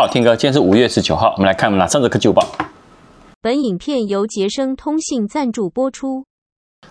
好，好，Tim 哥，今天是五月十九號，我們來看我們哪三則科技午報。本影片由傑昇通信贊助播出。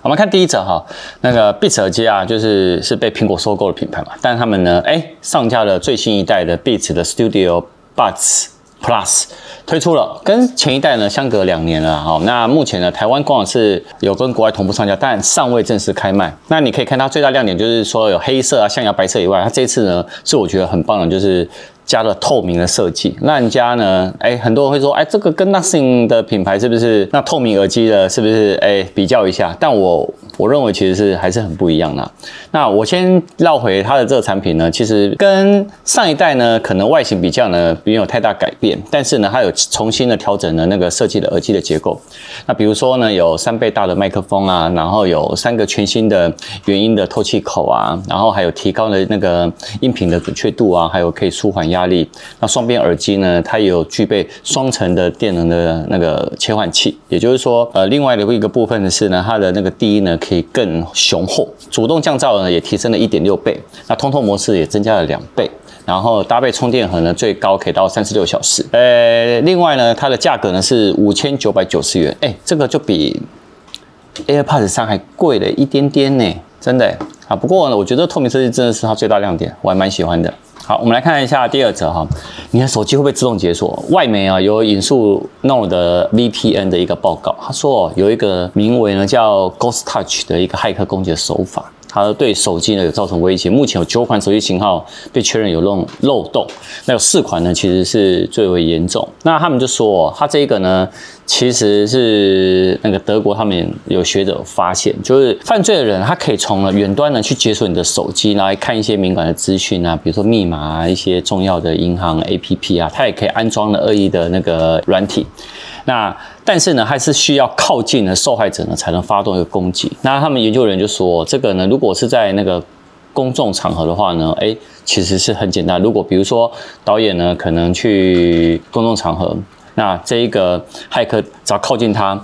我們看第一則哈，那個 Beats 耳機啊，就是是被蘋果收購的品牌嘛，但他們呢，哎、欸，上架了最新一代的 Beats 的 Studio Buds Plus，推出了，跟前一代呢相隔兩年了哈。那目前呢，台灣官網是有跟國外同步上架，但尚未正式開賣。那你可以看它最大亮點就是說有黑色啊、象牙白色以外，它這次呢是我覺得很棒的，就是。加了透明的設計，那人家呢？哎，很多人會說，哎，這個跟 Nothing 的品牌是不是？那透明耳機的，是不是？哎，比較一下，但我。我認為其實是還是很不一樣的啊。那我先繞回它的這個產品呢，其實跟上一代呢，可能外形比較呢，比沒有太大改變，但是呢，它有重新的調整了那個設計的耳機的結構。那比如說呢，有三倍大的麥克風啊，然後有三個全新的元音的透氣口啊，然後還有提高了那個音頻的準確度啊，還有可以舒緩壓力。那雙邊耳機呢，它也有具備雙層的電能的那個切換器，也就是說，呃，另外的一個部分是呢，它的那個低音呢，可以更雄厚，主動降噪呢也提升了一點六倍，那通透模式也增加了兩倍，然後搭配充電盒呢，最高可以到三十六小時。呃、哎，另外呢，它的價格呢是五千九百九十元，哎，這個就比 AirPods 三還貴了一點點呢，真的。啊，不過呢，我覺得透明設計真的是它最大亮點，我還蠻喜歡的。好，我們來看一下第二則哈，你的手機會不會自動解鎖？外媒啊有引述 NordVPN 的一個報告，他說哦，有一個名為呢叫 Ghost Touch 的一個駭客攻擊的手法。它對手機呢有造成威脅，目前有九款手機型號被確認有漏洞，那有四款呢其實是最為嚴重。那他們就說，他這一個呢其實是那個德國他們有學者有發現，就是犯罪的人他可以從了遠端呢去解鎖你的手機，然後來看一些敏感的資訊啊，比如說密碼啊、一些重要的銀行 APP 啊，他也可以安裝了惡意的那個軟體。那但是呢，還是需要靠近的受害者呢，才能發動一個攻擊。那他們研究人員就說，這個呢，如果是在那個公眾場合的話呢，哎，其實是很簡單。如果比如說導演呢，可能去公眾場合，那這一個駭客只要靠近他，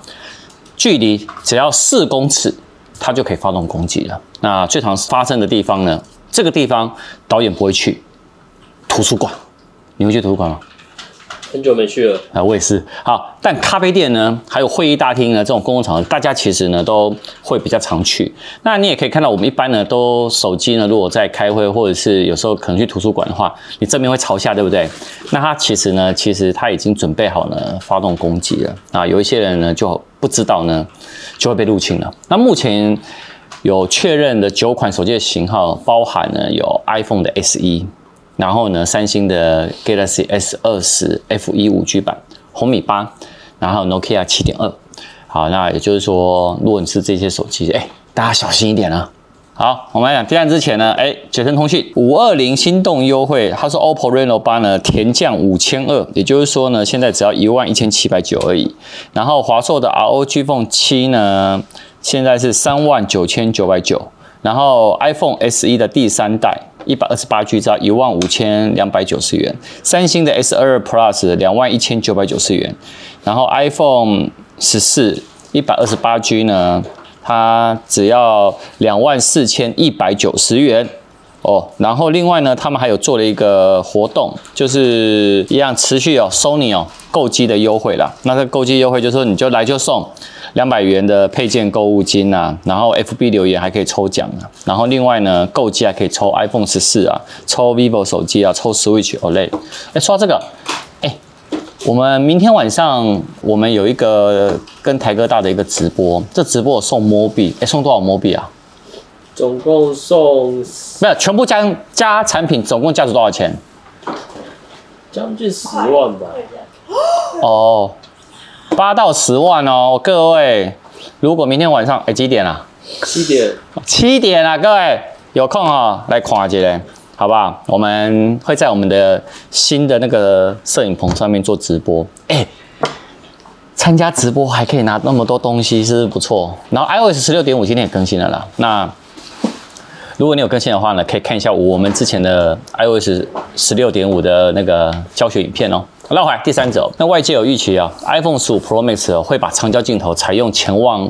距離只要四公尺，他就可以發動攻擊了。那最常發生的地方呢，這個地方導演不會去，圖書館，你會去圖書館嗎？很久沒去了啊、呃，我也是。好，但咖啡店呢，還有會議大廳呢，這種公共場合，大家其實呢都會比較常去。那你也可以看到，我們一般呢都手機呢，如果在開會或者是有時候可能去圖書館的話，你正面會朝下，對不對？那它其實呢，其實它已經準備好呢發動攻擊了啊。那有一些人呢就不知道呢，就會被入侵了。那目前有確認的九款手機的型號，包含呢有 iPhone 的 SE。然後呢，三星的 Galaxy S 二十 FE 5G 版，紅米八，然後 Nokia、ok、七點二，好，那也就是說，如果你是這些手機，誒，大家小心一點了、啊。好，我們來講，跌價之前呢，誒，九城通訊五二零心動優惠，他說 OPPO Reno 八呢，填降五千二，也就是說呢，現在只要一萬一千七百九而已。然後華碩的 ROG Phone 七呢，現在是三萬九千九百九，然後 iPhone SE 的第三代。一百二十八 G 只要一萬五千兩百九十元，三星的 S22 Plus 兩萬一千九百九十元，然後 iPhone 十四一百二十八 G 呢，它只要兩萬四千一百九十元哦，然後另外呢，他們還有做了一個活動，就是一樣持續有、哦、Sony 哦購機的優惠啦。那這個購機優惠就是說你就來就送。兩百元的配件購物金啊，然後 FB 留言還可以抽獎啊，然後另外呢，購機還可以抽 iPhone 十四啊，抽 vivo 手機啊，抽 Switch OLED。哎、欸，說到這個，哎、欸，我們明天晚上我們有一個跟台哥大的一個直播，這直播我送魔幣，哎，送多少魔幣啊？總共送沒有全部加加產品，總共價值多少錢？將近十萬吧。哦。八到十萬哦，各位，如果明天晚上，誒、欸、幾點了、啊？七點。七點啊，各位有空啊、哦，來看，看一下，好不好？我們會在我們的新的那個攝影棚上面做直播。誒、欸、參加直播還可以拿那麼多東西，是不是不錯？然後 iOS 十六點五今天也更新了啦。那如果你有更新的話呢，可以看一下我們之前的 iOS 十六點五的那個教學影片哦。繞回來第三則，那外界有預期啊，iPhone 15 Pro Max 會把長焦鏡頭採用潛望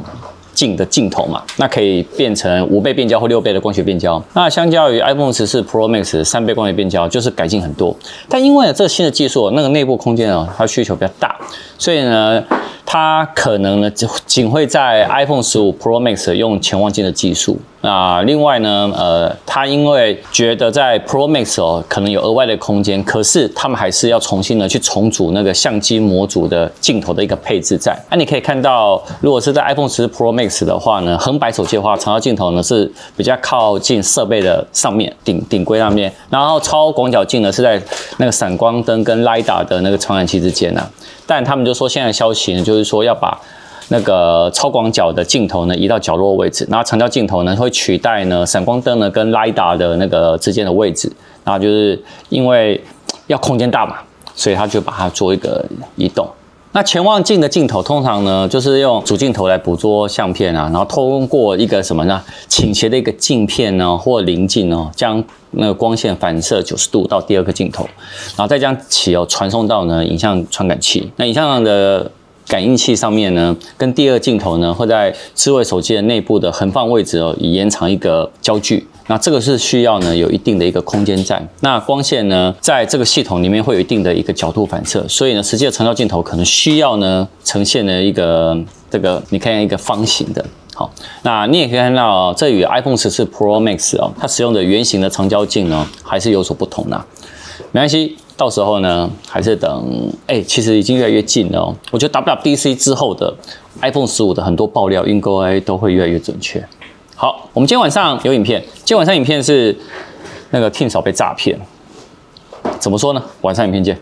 鏡的鏡頭嘛？那可以變成五倍變焦或六倍的光學變焦。那相較於 iPhone 14 Pro Max 三倍光學變焦，就是改進很多。但因為呢，這新的技術，那個內部空間啊，它需求比較大，所以呢。它可能呢，僅會在 iPhone 十五 Pro Max 用潛望鏡的技術。那、啊、另外呢，呃，他因為覺得在 Pro Max 哦，可能有額外的空間，可是他們還是要重新呢去重組那個相機模組的鏡頭的一個配置在。那、啊、你可以看到，如果是在 iPhone 十四 Pro Max 的話呢，橫擺手機的話，長焦鏡頭呢是比較靠近設備的上面頂頂櫃那邊，然後超廣角鏡呢是在那個閃光燈跟 LiDAR 的那個傳感器之間呢、啊。但他們就說現在的消息呢就。就是說要把那個超廣角的鏡頭呢移到角落位置，然後長焦鏡頭呢會取代呢閃光燈呢跟 LiDAR 的那個之間的位置，然後就是因為要空間大嘛，所以他就把它做一個移動。那潛望鏡的鏡頭通常呢就是用主鏡頭來捕捉相片啊，然後通過一個什麼呢傾斜的一個鏡片呢、哦、或者稜鏡哦，將那個光線反射九十度到第二個鏡頭，然後再將其哦傳送到呢影像傳感器。那影像上的感應器上面呢，跟第二鏡頭呢，會在智慧手機的內部的橫放位置哦，以延長一個焦距。那這個是需要呢，有一定的一個空間在。那光線呢，在這個系統裡面會有一定的一個角度反射，所以呢，實際的長焦鏡頭可能需要呢，呈現了一個這個，你看一個方形的。好，那你也可以看到哦，這與 iPhone 十四 Pro Max 哦，它使用的圓形的長焦鏡呢，還是有所不同的啊。沒關係。到時候呢，還是等哎、欸，其實已經越來越近了、哦。我覺得 WWDC 之後的 iPhone 十五的很多爆料、應購 A 都會越來越準確。好，我們今天晚上有影片，今天晚上影片是那個 Tim 嫂被詐騙，怎麼說呢？晚上影片見。